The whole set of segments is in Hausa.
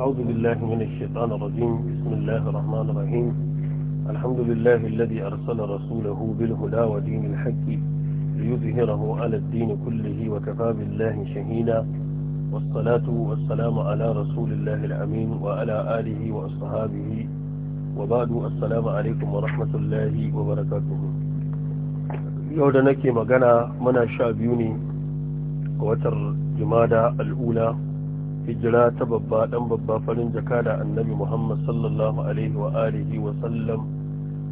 أعوذ بالله من الشيطان الرجيم بسم الله الرحمن الرحيم الحمد لله الذي أرسل رسوله بالهدى ودين الحق ليظهره على الدين كله وكفى بالله شهيدا والصلاة والسلام على رسول الله الأمين وعلى آله وأصحابه وبعد السلام عليكم ورحمة الله وبركاته يودنك مغانا منا شابيوني وتر جمادى الأولى hijira ta babba dan babba farin jaka da annabi muhammad sallallahu alaihi wa alihi wa sallam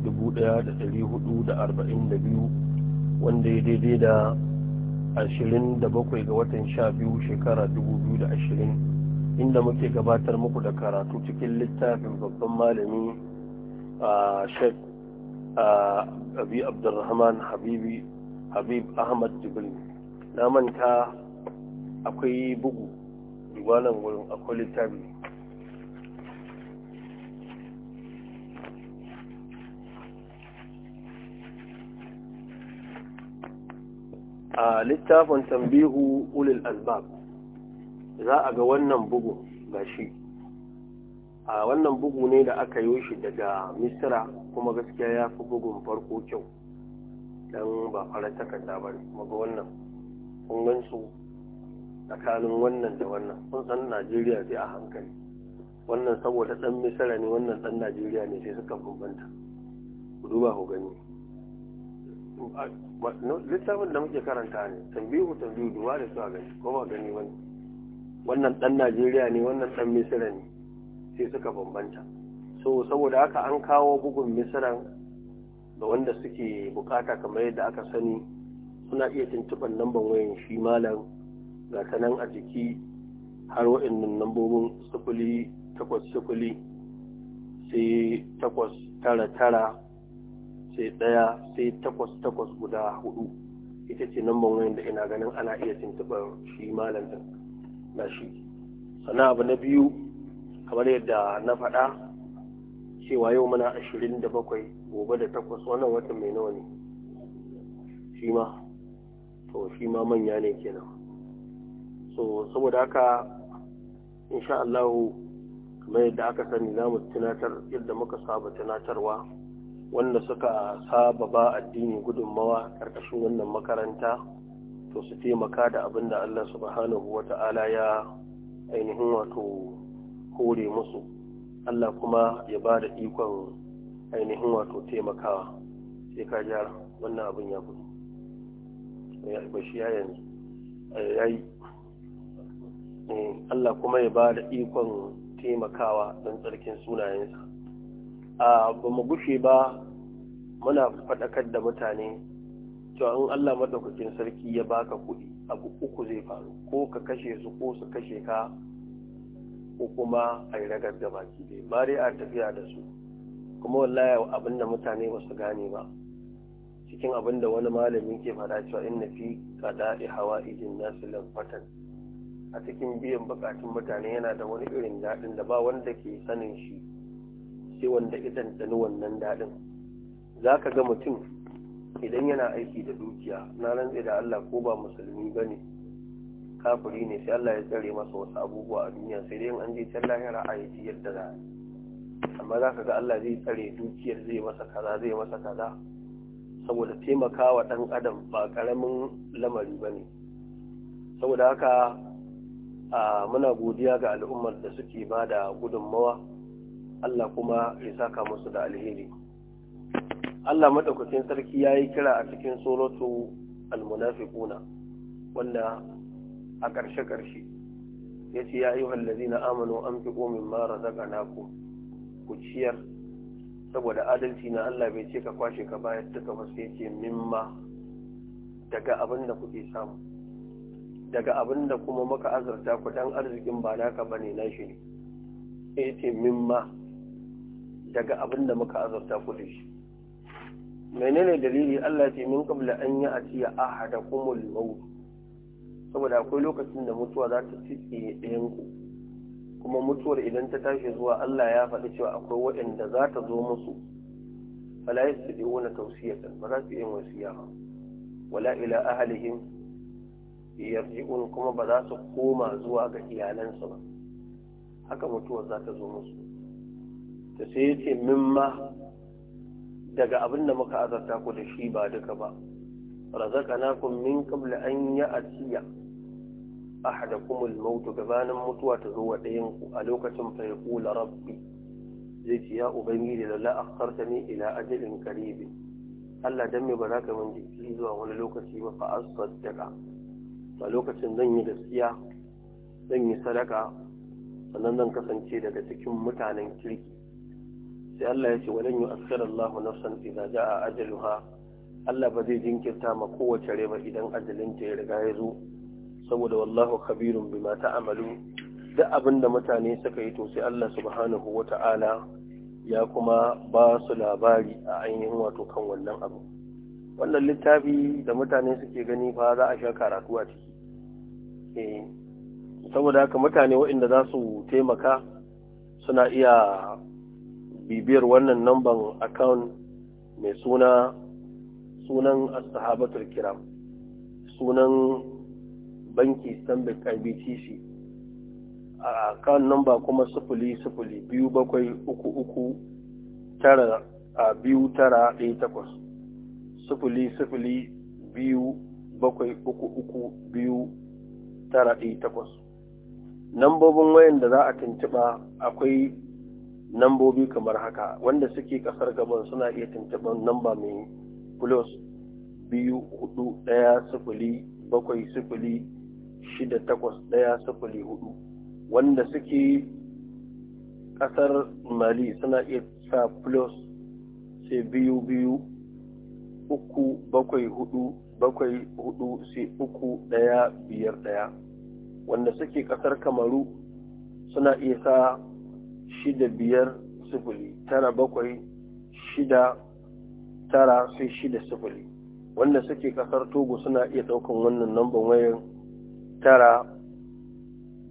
1442 wanda ya daidai da 27 ga watan 12 shekara 2020 inda muke gabatar muku da karatu cikin littafin babban malami a shek abi abdulrahman habibi habib ahmad jibril na manta akwai bugu duba gurin akwai littafi a littafin tambihu ulil albab za a ga wannan bugu gashi a wannan bugu ne da aka yi shi daga misira kuma gaskiya ya fi bugun farko kyau don ba fara takarda ba ne kuma ga wannan kun tsakanin wannan da wannan kun san najeriya sai a hankali wannan saboda dan misira ne wannan dan najeriya ne sai suka bambanta ku duba ku gani littafin da muke karanta ne tambihu tambihu duba da su a gani ko ba gani wani wannan dan najeriya ne wannan dan misira ne sai suka bambanta so saboda haka an kawo bugun misiran da wanda suke bukata kamar yadda aka sani suna iya tuntuɓar lambar wayan shi malam ga nan a jiki har waɗannan lambobin sufuli takwas sufuli sai takwas tara tara sai daya sai takwas takwas guda hudu ita ce nambon wayan da ina ganin ana iya tuntuɓar shi malam da na shi sana abu na biyu kamar yadda na faɗa cewa yau muna ashirin da bakwai gobe da takwas wannan watan mai nawa ne shi ma to shi ma manya ne kenan so saboda haka insha Allah kamar yadda aka sani za mu tunatar yadda muka saba tunatarwa wanda suka saba ba addini gudunmawa karkashin wannan makaranta to su taimaka da abin da Allah subhanahu wa ta'ala ya ainihin wato hore musu Allah kuma ya ba da ikon ainihin wato taimakawa sai ka jara wannan abin ya gudu Eh, Allah kuma ya ba da ikon taimakawa don tsarkin sunayensa a ba mu gushe ba muna faɗakar da mutane cewa in Allah maɗaukakin sarki ya baka kuɗi abu uku zai faru ko ka kashe su ko su kashe ka ko kuma a yi ragar da baki dai ba dai a tafiya da su kuma wallahi abin da mutane ba su gane ba cikin abin da wani malamin ke faɗa cewa inna fi qada'i hawa'ijin nasu lamfatan a cikin biyan bukatun mutane yana da wani irin daɗin da ba wanda ke sanin shi sai wanda idan ɗani wannan daɗin za ka ga mutum idan yana aiki da dukiya na rantse da Allah ko ba musulmi ba ne kafiri ne sai Allah ya tsare masa wasu abubuwa a duniya sai dai an je can lahira a yi yadda za a amma za ka ga Allah zai tsare dukiyar zai masa kaza zai masa kaza saboda taimakawa ɗan adam ba ƙaramin lamari ba ne saboda haka muna godiya ga al'ummar da suke ba da gudunmawa Allah kuma ya saka musu da alheri Allah madaukakin sarki ya yi kira a cikin suratu almunafiquna wanda a ƙarshe ƙarshe ya ce ya ayyuhal ladina amanu anfiqu mimma razaqnakum ku ciyar saboda adalci na Allah bai ce ka kwashe ka bayar duka ba sai ce mimma daga abinda kuke samu daga abin da kuma maka azarta ku dan arzikin ba naka ba na shi ne eh, min ma daga abin da muka azarta ku da shi menene dalili Allah ce min qabla an ya atiya ahadakumul maut saboda akwai lokacin da mutuwa za ta tsitsi ɗayan ku kuma mutuwar idan ta tashi zuwa Allah ya faɗi cewa akwai waɗanda za ta zo musu fala yastadiuna tawsiyatan ba za su yi wasiya ba wala ila ahlihim yarji'un kuma ba za su koma zuwa ga iyalansu ba haka mutuwar za ta zo musu ta sai ya ce mimma daga abin da muka azarta ku da shi ba duka ba razaqnakum min qabl an ya'tiya ahadakum kuma maut gabanin mutuwa ta zo wa ɗayan ku a lokacin fa kula rabbi zai ce ya ubangiji da la akhartani ila ajalin karibin. Allah dan me ba za ka mun jiki zuwa wani lokaci ba fa asaddaka a lokacin zan yi gaskiya zan yi sadaka sannan zan kasance daga cikin mutanen kirki sai Allah ya ce yi yu'akhkhir Allah nafsan idza a ajaluha Allah ba zai jinkirta ma kowace rai ba idan ajalin ta ya riga ya zo saboda wallahu khabirun bima amalu. duk abin da mutane suka yi to sai Allah subhanahu wata'ala ya kuma ba su labari a ainihin wato kan wannan abu wannan littafi da mutane suke gani fa za a sha karatu a ciki Eh, saboda haka mutane waɗanda za su taimaka suna iya bibiyar wannan namban account mai suna sunan asahabatul kiram sunan banki stanbic ibtc a account number kuma sufuli sufuli biyu bakwai uku uku tara a biyu tara ɗaya takwas sufuli sufuli biyu bakwai uku uku biyu tara ɗaya takwas nambobin wayan da za a tuntuɓa akwai nambobi kamar haka wanda suke ƙasar gaban suna iya tuntuɓar namba mai plus biyu hudu ɗaya sifili bakwai sifili shida takwas ɗaya sifili hudu wanda suke ƙasar mali suna iya sa plus sai biyu biyu uku bakwai hudu bakwai hudu sai uku ɗaya biyar daya wanda suke ƙasar kamaru suna iya sa shida biyar sifili tara bakwai shida tara sai shida sifili wanda suke ƙasar togo suna iya ɗaukan wannan lambar wayan tara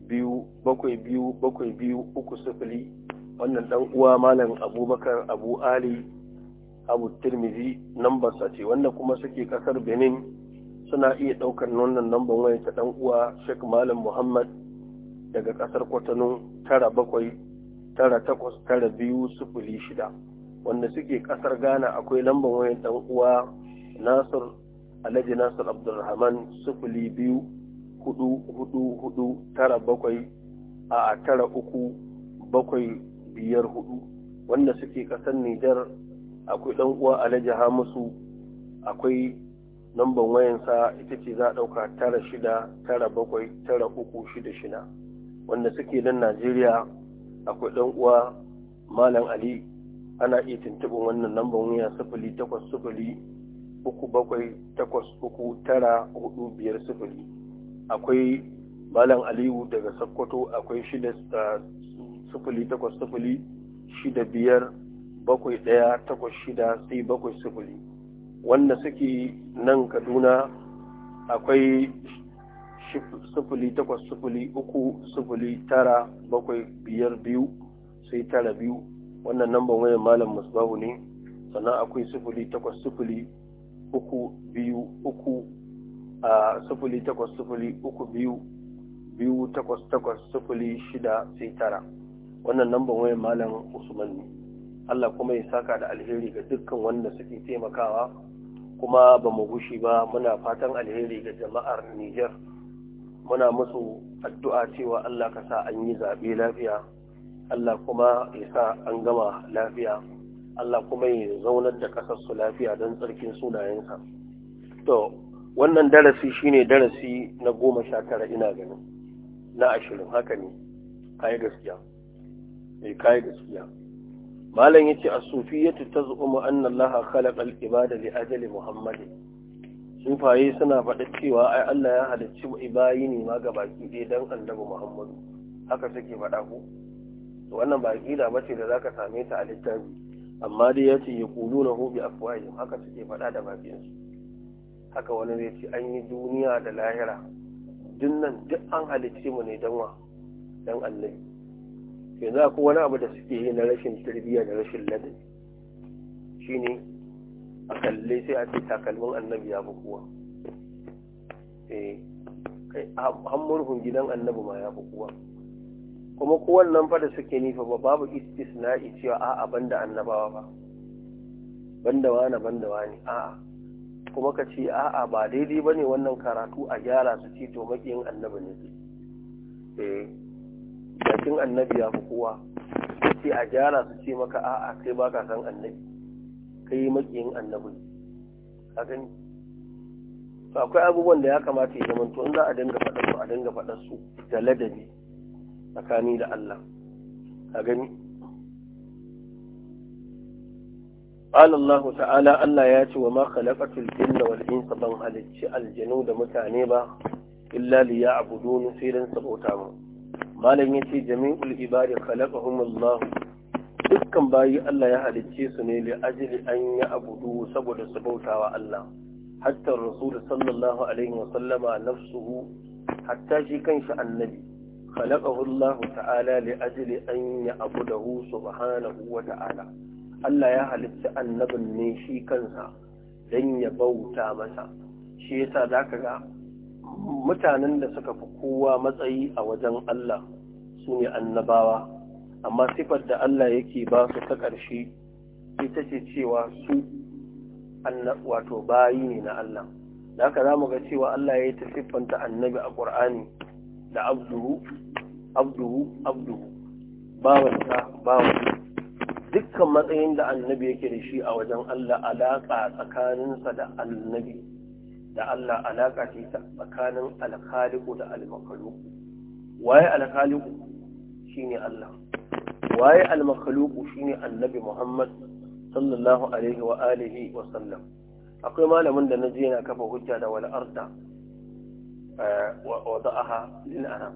biyu bakwai biyu bakwai biyu uku sifili wannan ɗan uwa malam abubakar abu ali abu tirmizi sa ce wanda kuma suke kasar benin suna iya daukar wannan namban wani ta dan uwa sheikh malam muhammad daga kasar kwatano tara bakwai tara takwas tara biyu sufuri shida wanda suke kasar ghana akwai lambar wayan dan uwa nasir alhaji nasir abdulrahman sufuri biyu hudu hudu hudu tara bakwai a tara uku bakwai biyar hudu wanda suke kasar nijar akwai dan uwa alhaji hamisu akwai namban wayansa ita ce za a ɗauka tara shida tara bakwai tara uku shida shida wanda suke nan najeriya akwai ɗan uwa malam ali ana iya tuntuɓin wannan namban waya sifili takwas sifili uku bakwai takwas uku tara hudu biyar sifili akwai malam aliyu daga sakkwato akwai shida ah, sifili takwas sifili shida biyar bakwai ɗaya takwas shida sai bakwai sifili wanda suke nan kaduna akwai sifili takwas sifili uku sifili tara bakwai biyar biyu sai tara biyu wannan namban wayan malam musbahu ne sannan akwai sifili takwas sifili uku biyu uku a sifili takwas sifili uku biyu biyu takwas takwas sifili shida sai tara wannan namban wayan malam usman ne Allah kuma ya saka da alheri ga dukkan wanda suke taimakawa kuma ba mu gushi ba muna fatan alheri ga jama'ar Nijar muna musu addu'a cewa Allah ka sa an yi zaɓe lafiya Allah kuma ya sa an gama lafiya Allah kuma ya zaunar da ƙasar su lafiya don tsarkin sunayensa to wannan darasi shine darasi na goma sha tara ina ganin na ashirin haka ne kayi gaskiya eh kayi gaskiya malam yace as-sufiyatu taz'umu anna Allah khalaqa al-ibada li ajali Muhammad sufaye suna faɗa cewa ai Allah ya halicci ibayi ne ma ga baki ɗaya dan annabi Muhammadu haka suke faɗa ko wannan ba ba ce da zaka same ta a littafi amma dai yace na hobi afwahihim haka suke faɗa da bakinsu haka wani zai ce an yi duniya da lahira dinnan duk an halicce mu ne dan wa dan annabi yanzu akwai wani abu da suke yi na rashin tarbiyya da rashin ladabi shine a kalle sai a ce takalmin annabi ya fi kowa eh kai hammurhun gidan annabi ma ya fi kowa kuma kowannan fa da suke nifa ba babu istisna'i cewa a'a da annabawa ba banda wani banda ne a'a kuma ka ce a'a ba daidai ba ne wannan karatu a gyara su ce to makiyin annabi ne eh cikin annabi ya fi kowa ce a jara su ce maka a'a kai ba ka san annabi kai makiyin annabi ka gani to akwai abubuwan da ya kamata ya zama to in za a dinga faɗa su a dinga faɗa su da ladabi tsakani da Allah ka gani قال الله تعالى ألا ياتي وما خلقت الجن والانس بان هل الجنود متانبة الا ليعبدون سيرا سبوتامو malam ya ce jami'ul ibadi khalaqahum Allah dukkan bayi Allah ya halicce su ne li ajli an ya abudu saboda su bautawa Allah hatta rasul sallallahu alaihi wa sallama nafsuhu hatta shi kanshi annabi khalaqahu Allah ta'ala li ajli an ya abudahu subhanahu wa ta'ala Allah ya halicci annabin ne shi kansa dan ya bauta masa shi yasa zaka ga mutanen da suka fi kowa matsayi a wajen Allah su ne annabawa amma sifar da Allah yake ba su ta ƙarshe ita ce cewa su wato bayi ne na Allah da haka za mu ga cewa Allah ya yi ta siffanta annabi a ƙur'ani da abduhu abduhu abduhu ta bawansa dukkan matsayin da annabi yake da shi a wajen Allah alaƙa tsakaninsa da annabi da Allah alaƙa ce tsakanin alkhaliku da almakaluku waye alkhaliku shine Allah waye almakaluku shine annabi Muhammad sallallahu alaihi wa alihi wa sallam akwai malamin da naji yana kafa hujja da wal arda eh, wa da'aha lil anam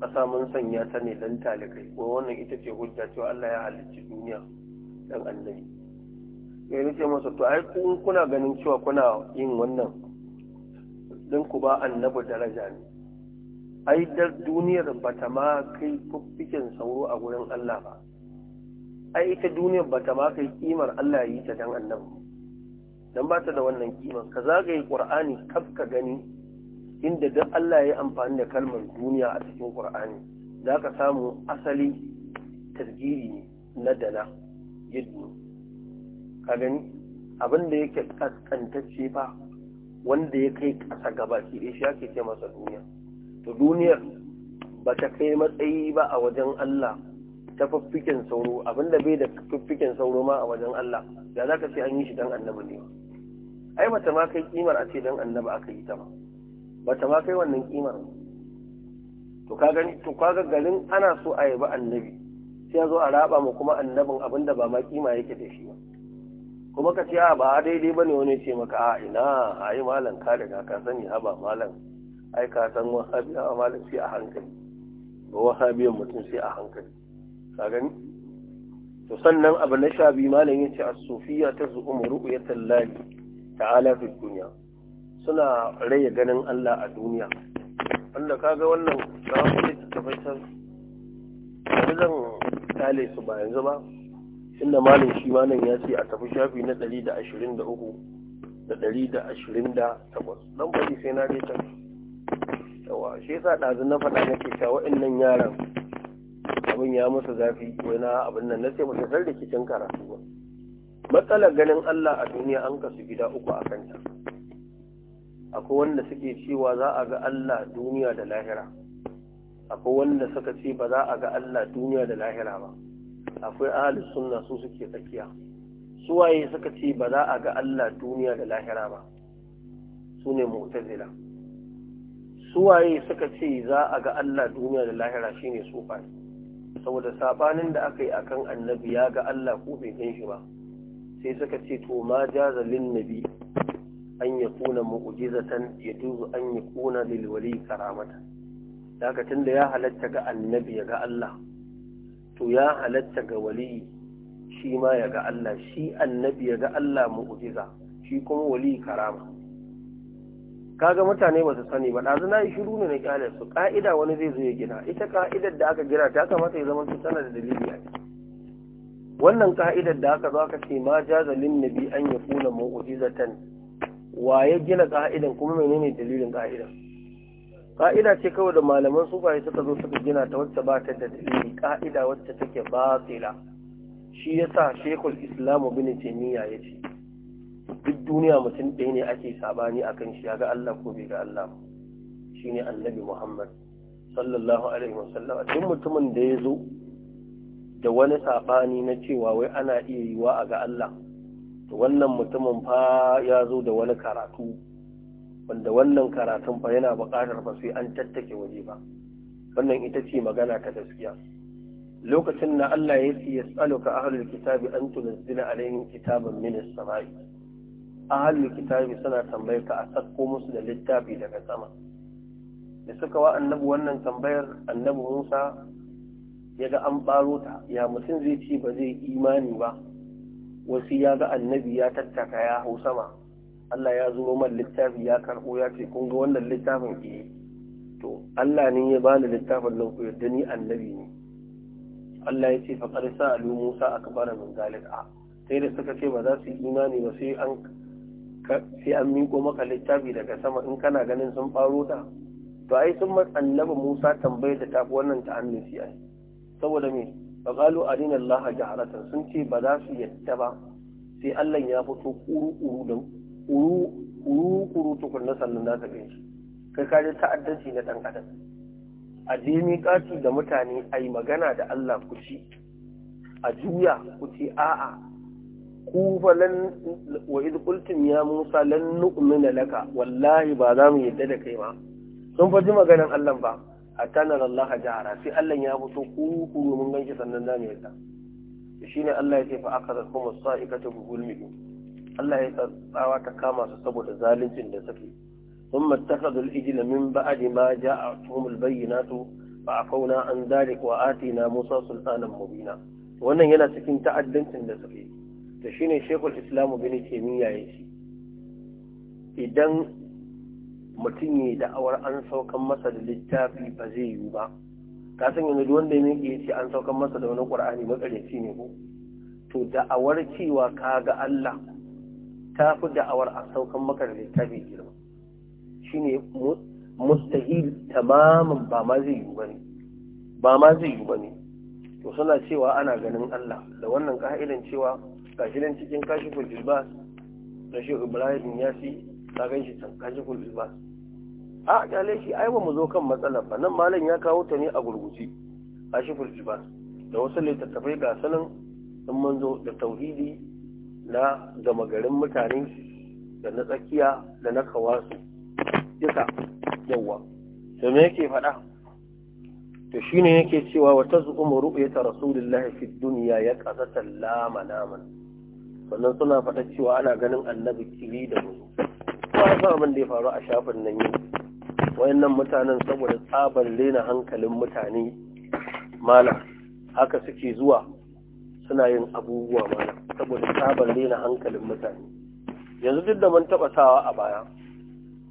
kasa mun sanya ta ne dan talikai ko wannan ita ce hujja cewa Allah ya halicci duniya dan annabi Yayin ce masa to ai kun kuna ganin cewa kuna yin wannan don ku ba annabi daraja ne ai dar duniyar ba ta ma kai fiffikin sauro a gurin Allah ba ai ita duniyar ba ta ma kai kimar Allah yi ta dan annabi dan ba ta da wannan kimar ka zagaye qur'ani kaf ka gani inda duk Allah ya yi amfani da kalmar duniya a cikin qur'ani za ka samu asali tarjiri ne na dana yiddu ka gani abin da yake kaskantacce ba wanda ya kai ƙasa gabaki ɗaya shi ake ce masa duniya to duniyar ba ta kai matsayi ba a wajen Allah ta fiffiken sauro abinda bai da fiffiken sauro ma a wajen Allah da za ka ce an yi shi dan annabi ne ai bata ma kai kimar a ce dan annabi aka yi ta ba bata ma kai wannan kimar to ka gani to kaga garin ana so a yi ba annabi sai zo a raba mu kuma annabin abinda ba ma kima yake da shi ba kuma ka ce a ba daidai ba ne wani ce maka a ina a yi malam ka daga ka sani haba malam ai ka san wahabiya malam sai a hankali ba wahabiyan mutum sai a hankali ka gani to sannan abu na sha biyu malam yace a sufiya ta muru'u ya lahi ta'ala fi duniya suna raya ganin Allah a duniya wanda kaga wannan da wani tafaitar da zan tale su ba yanzu ba inda malin shi nan ya ce a tafi shafi na ɗari da ashirin da uku da ɗari da ashirin da takwas don faɗi sai na je can yawa shi yasa ɗazu na faɗa nake cewa nan yaran abin ya musu zafi wai na abin nan na ce ba da kicin karatu ba matsalar ganin Allah a duniya an kasu gida uku a kanta akwai wanda suke cewa za a ga Allah duniya da lahira akwai wanda suka ce ba za a ga Allah duniya da lahira ba akwai ahalin sunna su suke tsakiya Su waye suka ce ba za a ga Allah duniya da lahira ba su ne mu'tazila waye suka ce za a ga Allah duniya da lahira shine fa saboda sabanin da aka yi akan annabi ya ga Allah ko bai gan shi ba sai suka ce to ma jaza lin nabi an ya yakuna mu'jizatan yajuzu an ya kuna lil wali karamata da tunda ya halatta ga annabi ya ga Allah to ya halatta ga wali shi ma ya ga Allah shi annabi ya ga Allah mu'jiza shi kuma wali karama kaga mutane ba su sani ba ɗazu na yi shiru ne na kyale su ƙa'ida wani zai zo ya gina ita ƙa'idar da aka gina ta kamata ya zama su tana da dalili a wannan ƙa'idar da aka zo aka ce ma jazalin nabi an ya kula mu'jizatan wa ya gina ƙa'idan kuma menene dalilin ƙa'idan ka'ida ce kawai da malaman sufaye suka zo suka gina ta wacce ba ta da dalili ka'ida wacce take ba batila shi yasa shekul islamu bin taimiyya ya ce duk duniya mutum ɗaya ne ake sabani akan shi ya ga Allah ko bai ga Allah shine annabi Muhammad sallallahu alaihi wasallam duk mutumin da ya zo da wani sabani na cewa wai ana iya yiwa a ga Allah to wannan mutumin fa ya zo da wani karatu wanda wannan karatun fa yana buƙatar fa sai an tattake waje ba wannan ita ce magana ta gaskiya lokacin da Allah ya ce yas'aluka ahlul kitabi an tunzila alaihim kitaban min as-sama'i ahlul kitabi suna tambayar ka a sakko musu da littafi daga sama da suka wa annabi wannan tambayar annabi Musa ya ga an baro ta ya mutum zai ce ba zai imani ba wasu ya ga annabi ya tattaka ya hau sama Allah ya zo man littafi ya karɓo ya ce kun ga wannan littafin eh to Allah ne ya bani littafin nan ku yadda ni annabi ne Allah ya ce fa qad sa'alu Musa akbara min zalika ah, sai da suka ce ba za su yi imani ba sai an sai an miko maka littafi daga sama in kana ganin sun faro ta to ai sun annabi Musa tambayar da tafi wannan ta annabi ai saboda me fa qalu arina Allah jaharatan sun ce ba za su yadda ba sai Allah ya fito kuru-kuru kuru tukun na sannan za ta ganshi kai ka ta'addanci na ɗan adam a je miƙaci da mutane a yi magana da Allah ku ci a juya ku ce a'a ku fa lan wa idh qultum ya Musa lan nu'mina laka wallahi ba za mu yadda da kai ba sun fa ji maganan Allah ba hatta nan Allah jahara sai Allah ya fito ku kuru mun ganshi sannan za mu yadda shine Allah ya ce fa akazakum as-sa'ikatu bi Allah ya tsawa ta kama su saboda zaluncin da suke a اتخذوا الإجل من ba a جاءتهم an فعفونا عن ذلك وآتينا musa سلطانا مبينا wannan yana cikin ta'addancin da suke da ne Sheikhul Islam bin Taymiyyah yace idan mutum yayi da'awar an saukan masa da littafi ba zai yi ba ka san yanzu wanda ne ke yace an saukan masa da wani ƙur'ani makareci ne ko to da'awar cewa ga Allah ta fi da'awar a saukan maka da littafi girma shine mustahil tamamin ba ma zai yiwu bane ba ma zai yiwu bane to suna cewa ana ganin Allah da wannan ka'idan cewa ga shirin cikin kashiful jilbas da shi Ibrahim ya fi ta gan shi can kashiful jilbas a kyale shi ai ba mu zo kan matsala ba nan malam ya kawo ta ne a gurguji kashiful jilbas da wasu littattafai ga sanin in manzo da tauhidi na gama garin mutane da na tsakiya da na kawasu duka yawa to me yake faɗa to shine yake cewa wa ya ta rasulullahi fi dunya ya qasata la manaman sannan suna faɗa cewa ana ganin annabi kili da mu ba sa abin da ya faru a shafin nan yau wayannan mutanen saboda tsaban lena hankalin mutane mala haka suke zuwa suna yin abubuwa mana saboda sabon daina hankalin mutane yanzu duk da mun taɓa sawa a baya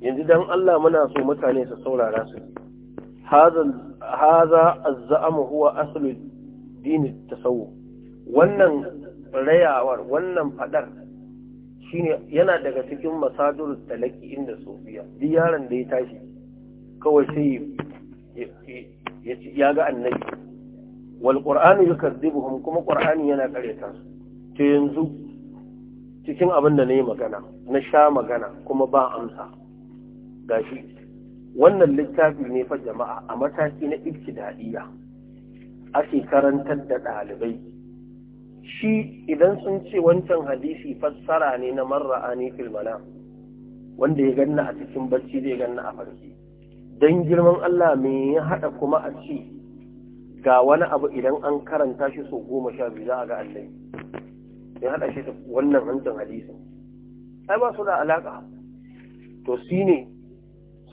yanzu dan Allah muna so mutane su saurara su haza azza'amu huwa aslu dini tasawuf wannan rayawar wannan fadar shine yana daga cikin masadur talaki inda sofiya duk yaron da ya tashi kawai sai ya ga annabi wal qur'anu yukazzibuhum kuma ƙur'ani yana karyata su yanzu cikin abin da nayi magana na sha magana kuma ba amsa gashi wannan littafi ne fa jama'a a mataki na ibtida'iyya ake karantar da ɗalibai shi idan sun ce wancan hadisi fassara ne na marra'ani fil manam wanda ya ganna a cikin bacci zai ganna a farki don girman Allah me ya haɗa kuma a ci? ga wani abu idan an karanta shi sau goma sha biyu za a ga annabi in haɗa shi da wannan hancin hadisin ai ba su da alaƙa to shi ne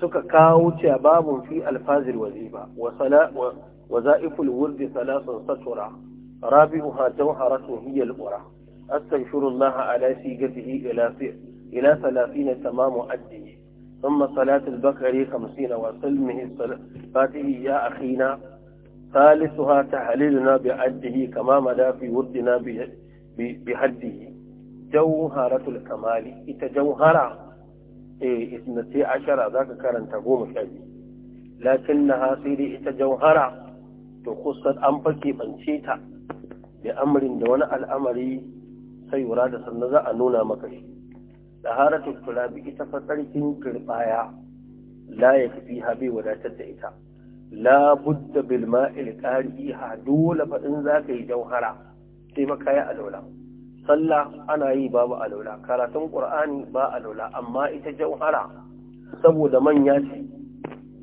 suka kawo cewa babun fi alfazil waziba wa za'iful wurdi salasun satura rabi'uha jawharatun hiya al-ura astaghfirullah ala sigatihi ila ila 30 tamamu addi ثم صلاة البكر خمسين وسلمه فاته يا أخينا ثالثها تحليلنا بعده كما مدى في ودنا بحده جوهرة الكمال إتجوهرة إيه إثنتي عشرة ذاك كان تقوم شابي لكنها سيري إتجوهرة تخصت أنفك بنشيتا بأمر دون الأمر سيراد سنزا أنونا مكشي طهارة الكلاب إتفترك كربايا لا يكفيها بي ولا إتا la budda bil ma'il qariha dole fa in zaka yi jauhara sai fa kai alwala sallah ana yi babu alwala karatun qur'ani ba alwala amma ita jauhara saboda manya ce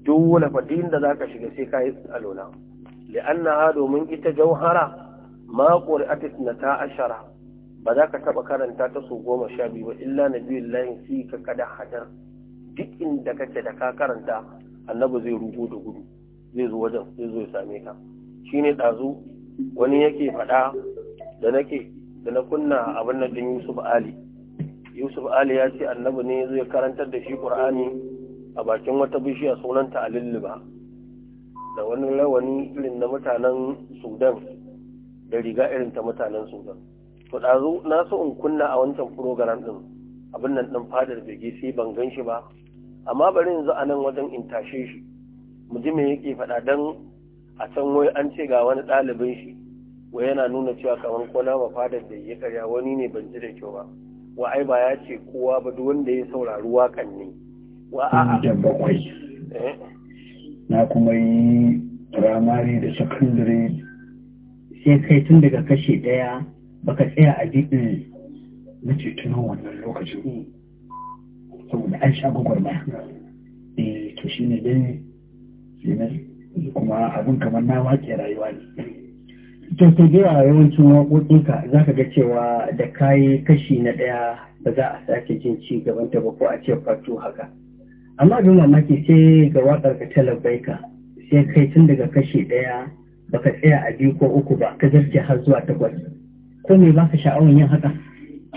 dole fa din da zaka shiga sai kai alwala li'annaha domin ita jauhara ma ta ashara ba za ka taɓa karanta ta su goma sha biyu ba illa na biyu layin fi ka kada hajar duk inda kake da ka karanta annabi zai rugo da gudu zai zo wajen zai zo ya same ka shi ne ɗazu wani yake faɗa da nake da na kunna abin nan din Yusuf Ali Yusuf Ali ya ce annabi ne zai karantar da shi Qur'ani a bakin wata bishiya sunanta Alilliba da wani rawani irin na mutanen Sudan da riga irin ta mutanen Sudan to ɗazu na so in kunna a wancan program din abin nan din fadar bege sai ban gan shi ba amma bari yanzu a nan wajen in tashe shi mu ji me yake faɗa don a can wai an ce ga wani ɗalibin shi wai yana nuna cewa kamar kona ba fadar da ya karya wani ne ban ji da kyau ba wa ai ba ya ce kowa ba duk wanda ya saurari wakan ne wa a a eh? na kuma yi firamare da sakandare sai kai tun daga kashe ɗaya baka tsaya a gidin eh, na ce tunan wannan lokacin eh. saboda an sha gwagwarmaya eh to shine dai kenan kuma abin kamar na wake rayuwa ne to sai da yawancin waƙoƙinka za ka ga cewa da kayi kashi na ɗaya ba za a sake jin ci gaban ta ba ko a ce fato haka amma abin mamaki sai ga waƙar ka ta labbaika sai kai tun daga kashi ɗaya baka tsaya a biyu ko uku ba ka zarce har zuwa takwas ko me ba ka sha'awar yin haka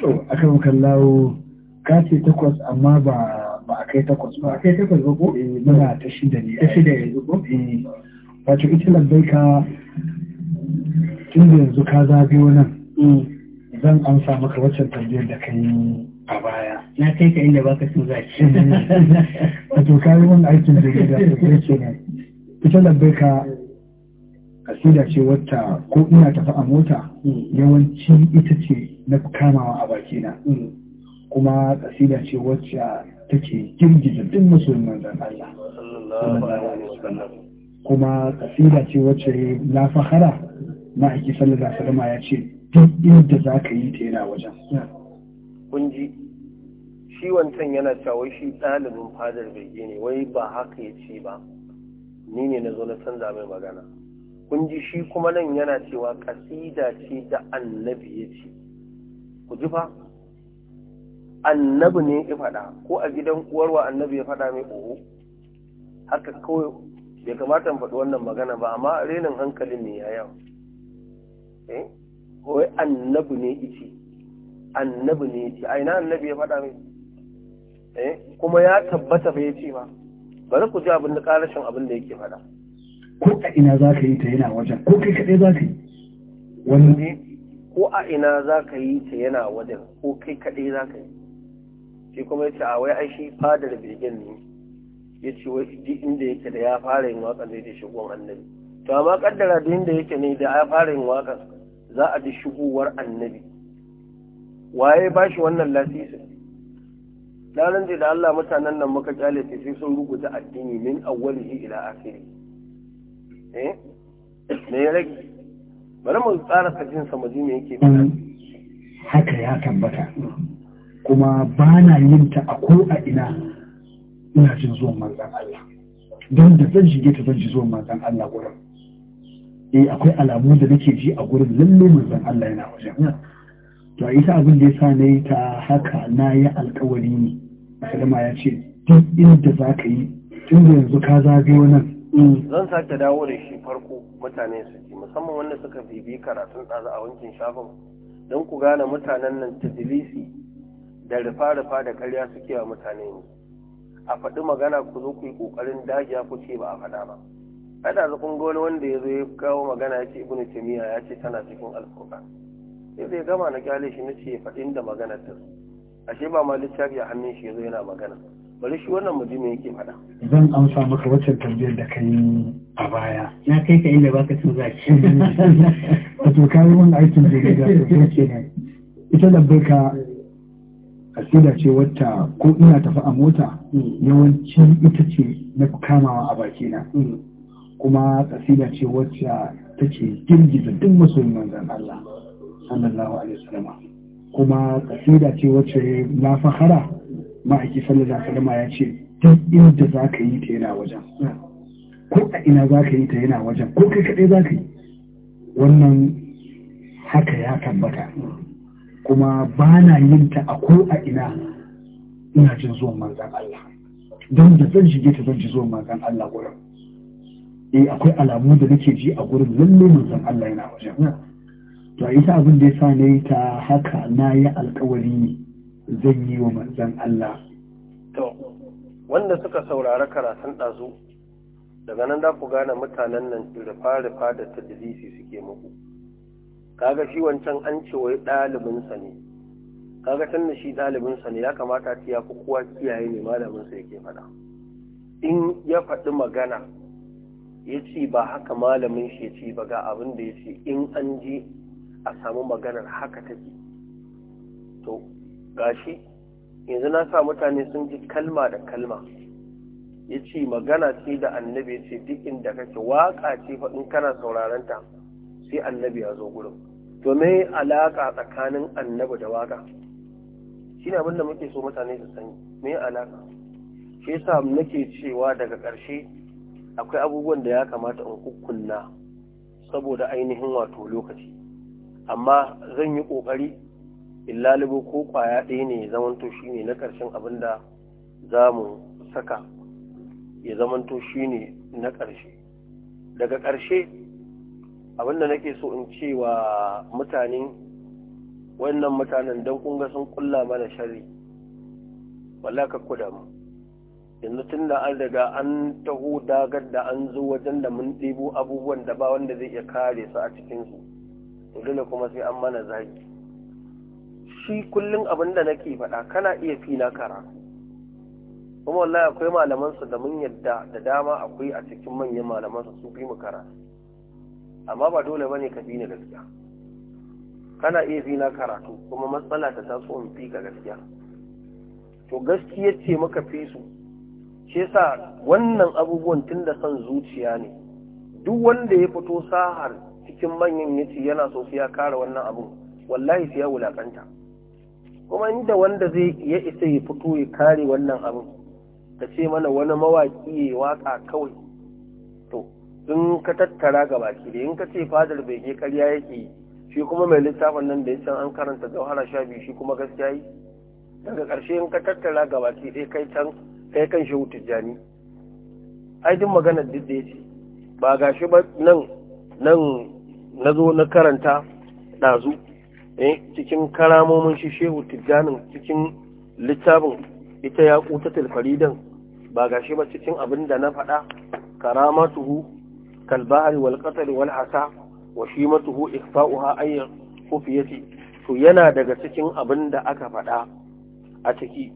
to akan kallawo ka takwas amma ba a kai takwas ba a kai takwas ba ko eh, muna ta shida ne ta shida yanzu ko eh. wato ita labbaika tun da yanzu ka zabiyo nan hmm. zan amsa maka waccan tambayar da kai a baya na kai ka inda baka so za ki wato ka yi wani aikin da gida sosai kenan ita labbaika kasida ce wata ko ina tafi a mota hmm. yawanci ita ce na kamawa a bakina hmm. kuma kasida ce wacce take girgiza din musulman zan Allah kuma kasida ce wacce lafahara, fakhara ma'aiki sallallahu alaihi salama ya ce duk inda za ka yi ta yana wajen kunji shi wancan yana cawai shi ɗalibin fadar bege ne wai ba haka ya ce ba ni ne na zo na canza mai magana kunji shi kuma nan yana cewa kasida ce da annabi ya ce ku ji fa annabi ne ya faɗa ko a gidan uwarwa annabi ya faɗa mai oho haka kawai bai kamata in faɗi wannan magana ba amma renin hankalin ne ya yawa eh wai annabi ne ice annabi ne ice a ina annabi ya faɗa mai eh kuma ya tabbata ya ce ba bari ku ji abin da karashin abin da yake faɗa ko a ina za ka yi ta yana wajen ko kai kaɗai za ka yi wannan ko a ina za ka yi ta yana wajen ko kai kaɗai za ka yi shi kuma yace a wai aishi fadar begen ne ya ce wai duk inda yake da ya fara yin waƙa zai da shigon annabi to amma kaddara duk inda yake ne da ya fara yin waƙa za a ji shigowar annabi waye ba shi wannan lasisin ranar da Allah mutanen nan muka kyale sai sun rubuta addini min awwalihi ila akhiri eh me ya rage bari mu tsara kajin sa mu yake me yake haka ya tabbata kuma ba na yin ta a ko a ina ina jin zuwan manzan Allah don da zan shige ta zan ji zuwan manzan Allah gurin eh akwai alamu da nake ji a gurin lalle manzan Allah yana wajen to a isa abin da ya sa na yi ta haka na yi alkawari ne salama ya ce duk inda za ka yi tun da yanzu ka zagayo nan mm. zan sake dawo da shi farko mutane su ji musamman wanda suka bibi karatun tsaza a wankin shafin don ku gane mutanen nan ta dilisi da rufa-rufa da karya suke wa mutane ne a faɗi magana ku zo ku yi ƙoƙarin dajiya ku ce ba a faɗa ba kada zu kun wanda ya zo ya kawo magana ya ce ibn taymiya ya ce tana cikin alquran ya zai gama na kyale shi na ce faɗin da magana ta ashe ba ma littafi a hannun shi ya zo yana magana bari shi wannan mutum yake faɗa zan amsa maka wacce tambayar da yi a baya na kai ka inda baka so zaki wato kayan wani aikin da ya ga ita da ka. kasida ce wata ko ina tafi a mota mm. yawanci ita ce na kamawa a bakina mm. kuma kasida ce wacce take girgiza duk masoyin manzan Allah sallallahu alaihi wasallam kuma kasida ce wacce na fahara ma'aiki sallallahu alaihi wasallam ya ce duk inda za ka yi ta yana wajen mm. ko a ina za ka yi ta yana wajen ko kai kaɗai za ka yi wannan haka ya tabbata kuma ba na yin ta a ko a ina ina jin zuwan manzan Allah don da zan shige ta zan ji zuwan manzan Allah gurin eh akwai alamu da nake ji a gurin lalle manzan Allah yana wajen to ita abin da yasa nayi ta haka na yi alkawari zan yi wa manzan Allah to wanda suka saurari karatun ɗazu daga nan da ku gane mutanen nan da rufa fada ta tadlisi suke muku kaga shi wancan an ce wai sa ne kaga tun da shi ɗalibinsa ne ya kamata ta ya fi kowa kiyaye ne malaminsa yake faɗa in ya faɗi magana ya ce ba haka malamin shi ya ce ba ga abin da ya ce in an je a samu maganar haka take to gashi yanzu na sa mutane sun ji kalma da kalma ya ce magana ce da annabi ce duk inda kake waƙa ce faɗin kana sauraranta sai annabi ya zo gurin Domin alaƙa tsakanin annabi da waƙa shi ne abinda muke so mutane su sani mai alaƙa shi yasa nake cewa daga ƙarshe akwai abubuwan da ya kamata in kukkunna saboda ainihin wato lokaci amma zan yi ƙoƙari in lalibu ko ƙwaya ɗaya ne ya zamanto shi ne na ƙarshen abin da za mu saka ya zamanto shi ne na ƙarshe daga ƙarshe abinda nake so in ce wa mutane wannan mutanen don kunga sun kulla mana shari wala ka kuda mu yanzu tun da an riga an taho dagar da an zo wajen da mun ɗebo abubuwan da ba wanda zai iya kare su a cikinsu to dole kuma sai an mana zagi shi kullum abin da nake faɗa kana iya fi na kara kuma wallahi akwai malamansu da mun yadda da dama akwai a cikin manyan malamansu su fi mu karatu amma ba dole bane ka bi ni gaskiya kana iya bi karatu kuma matsala ta taso in fi ka gaskiya to gaskiya ce maka fi su shi yasa wannan abubuwan tun da son zuciya ne duk wanda ya fito sahar cikin manyan yace yana so ya kare wannan abu wallahi sai ya wulakanta kuma inda wanda zai ya isa ya fito ya kare wannan abin ka ce mana wani mawaƙi ya waka kawai in ka tattara ga baki da in ka ce fadar bai je karya yake yi shi kuma mai littafin nan da ya can an karanta zauhara sha biyu shi kuma gaskiya yi daga ƙarshe in ka tattara ga baki ɗaya kai can kai kan shehu tijjani ai duk maganar duk da ba ga shi ba nan nan na zo na karanta ɗazu eh, cikin karamomin shi shehu tijjanin cikin littafin ita ya ƙutatul faridan ba ga shi ba cikin abinda na faɗa karamatuhu kalba'ar wal qatal wal hasa wa shimatuhu ikfa'uha ayyan kufiyati to yana daga cikin abin da aka faɗa a ciki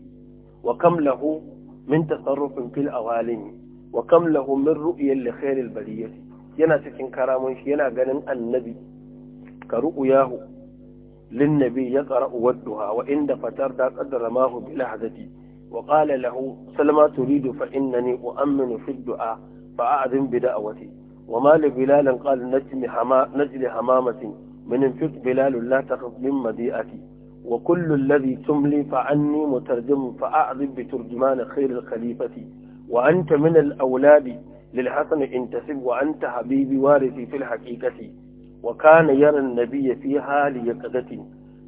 wa kam lahu min tasarrufin fil awalin wa kam lahu min ru'yal li khairil bariyyah yana cikin karamun shi yana ganin annabi ka ru'yahu lin nabi ya qara wadduha wa inda fatar da qaddara mahu bil hadati wa qala lahu salma turidu fa innani u'minu fid du'a fa a'zim bi da'wati وما لبلال قال نجل, حما نجل حمامة من انفق بلال لا تخف من مديئتي وكل الذي تملي فعني مترجم فأعذب بترجمان خير الخليفة وأنت من الأولاد للحسن انتسب وأنت حبيبي وارثي في الحقيقة وكان يرى النبي في حال يقظة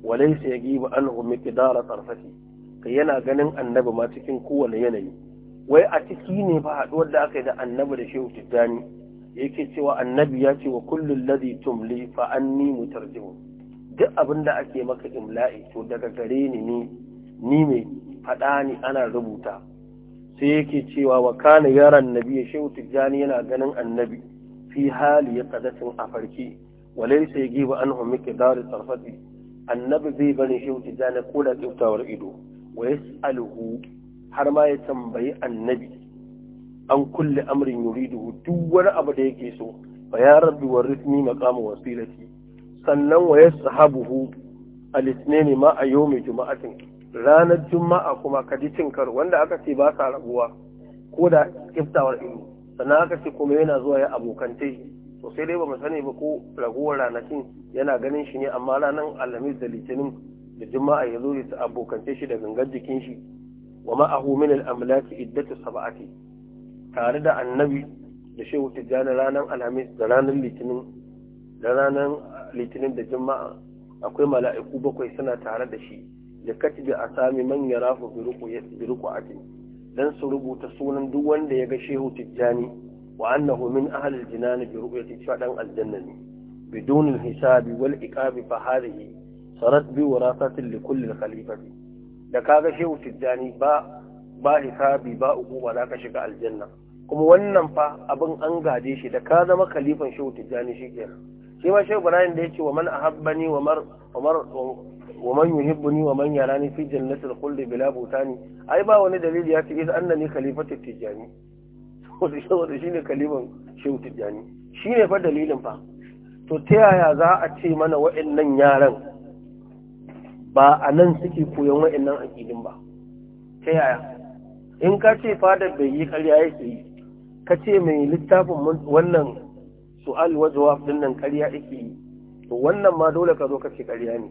وليس يجيب عنه مقدار طرفتي kai yana ganin annabi ma cikin kowane yanayi wai a ciki ne fa haɗuwar da aka yi da annabi da shehu tijjani yake cewa annabi ya ce wa kullum ladhi tumli fa anni mutarjimun duk abin da ake maka imla'i to daga gare ni ni ni mai faɗa ni ana rubuta sai yake cewa wa kana yaran nabi shehu tijjani yana ganin annabi fi hali ya qadatin afarki wa laysa yajibu anhu miqdar tarfati annabi bai bani shehu tijjani ko da tsiftawar ido wa yas'aluhu har ma ya tambayi annabi an kulle amrin yuridu duk wani abu da yake so fa ya rabbi warithni maqama wasilati sannan wa yasahabuhu al-ithnaini ma a mai juma'atin ranar juma'a kuma ka ji cin karo wanda aka ce ba sa rabuwa ko da kiftawar ido sannan aka ce kuma yana zuwa ya abokantai to sai dai ba sani ba ko raguwar ranakin yana ganin shi ne amma ranar alhamis da litinin da juma'a ya zo ya abokance shi da gangan jikin shi wa ma'ahu min al-amlaki iddatu sab'ati tare da annabi da shehu tijjani ranar alhamis da ranar litinin da ranar litinin da juma'a akwai mala'iku bakwai suna tare da shi da katibi a sami man rafu biruku atin dan su rubuta sunan duk wanda ya ga shehu tijjani wa annahu min ahlil jinani bi ru'yati cewa dan aljanna ne bidun hisabi wal iqabi fa hadhihi sarat bi warasatin li kulli khalifati da kaga shehu tijjani ba ba hisabi ba uku ba za ka shiga aljanna kuma wannan fa abin an gade shi da ka zama kalifan shehu tijjani shi kenan shi ma shehu ibrahim da ya ce wa man ahabbani wa mar wa mar wa man yuhibbuni wa man yarani fi jannatil khuldi bila butani ai ba wani dalili ya ce is annani khalifatu tijjani saboda shi ne kalifan shehu tijjani shi ne fa dalilin fa to ta yaya za a ce mana wa'annan yaran ba a nan suke koyon wa'annan aƙidin ba ta yaya in ka ce fadar bai yi karya yake yi ka ce mai littafin wannan su'al wa jawab din nan ƙarya yake yi to wannan ma dole ka zo ka ce ƙarya ne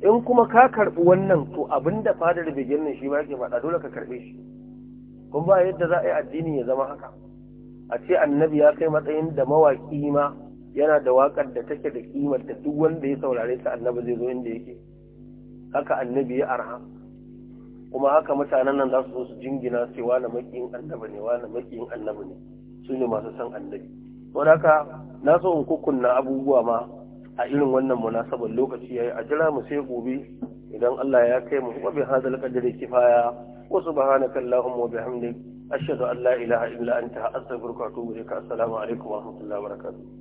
in kuma ka karɓi wannan to abinda fadar bigin nan shi ma yake faɗa dole ka karɓe shi kun ba yadda za a yi addini ya zama haka a ce annabi ya kai matsayin da mawaƙi ma yana da waƙar da take da ƙimar da duk wanda ya saurare ta annabi zai zo inda yake haka annabi ya arha kuma haka mutanen nan za su zo su jingina cewa na makiyin annabi ne na makiyin annabi ne su ne masu san annabi don haka na so in kukunna abubuwa ma a irin wannan munasabar lokaci ya yi a jira mu sai gobe idan Allah ya kai mu kuma bi hadal qadri kifaya wa subhanaka allahumma wa bihamdik ashhadu an la ilaha illa anta astaghfiruka wa atubu ilaik assalamu alaikum wa rahmatullahi wa barakatuh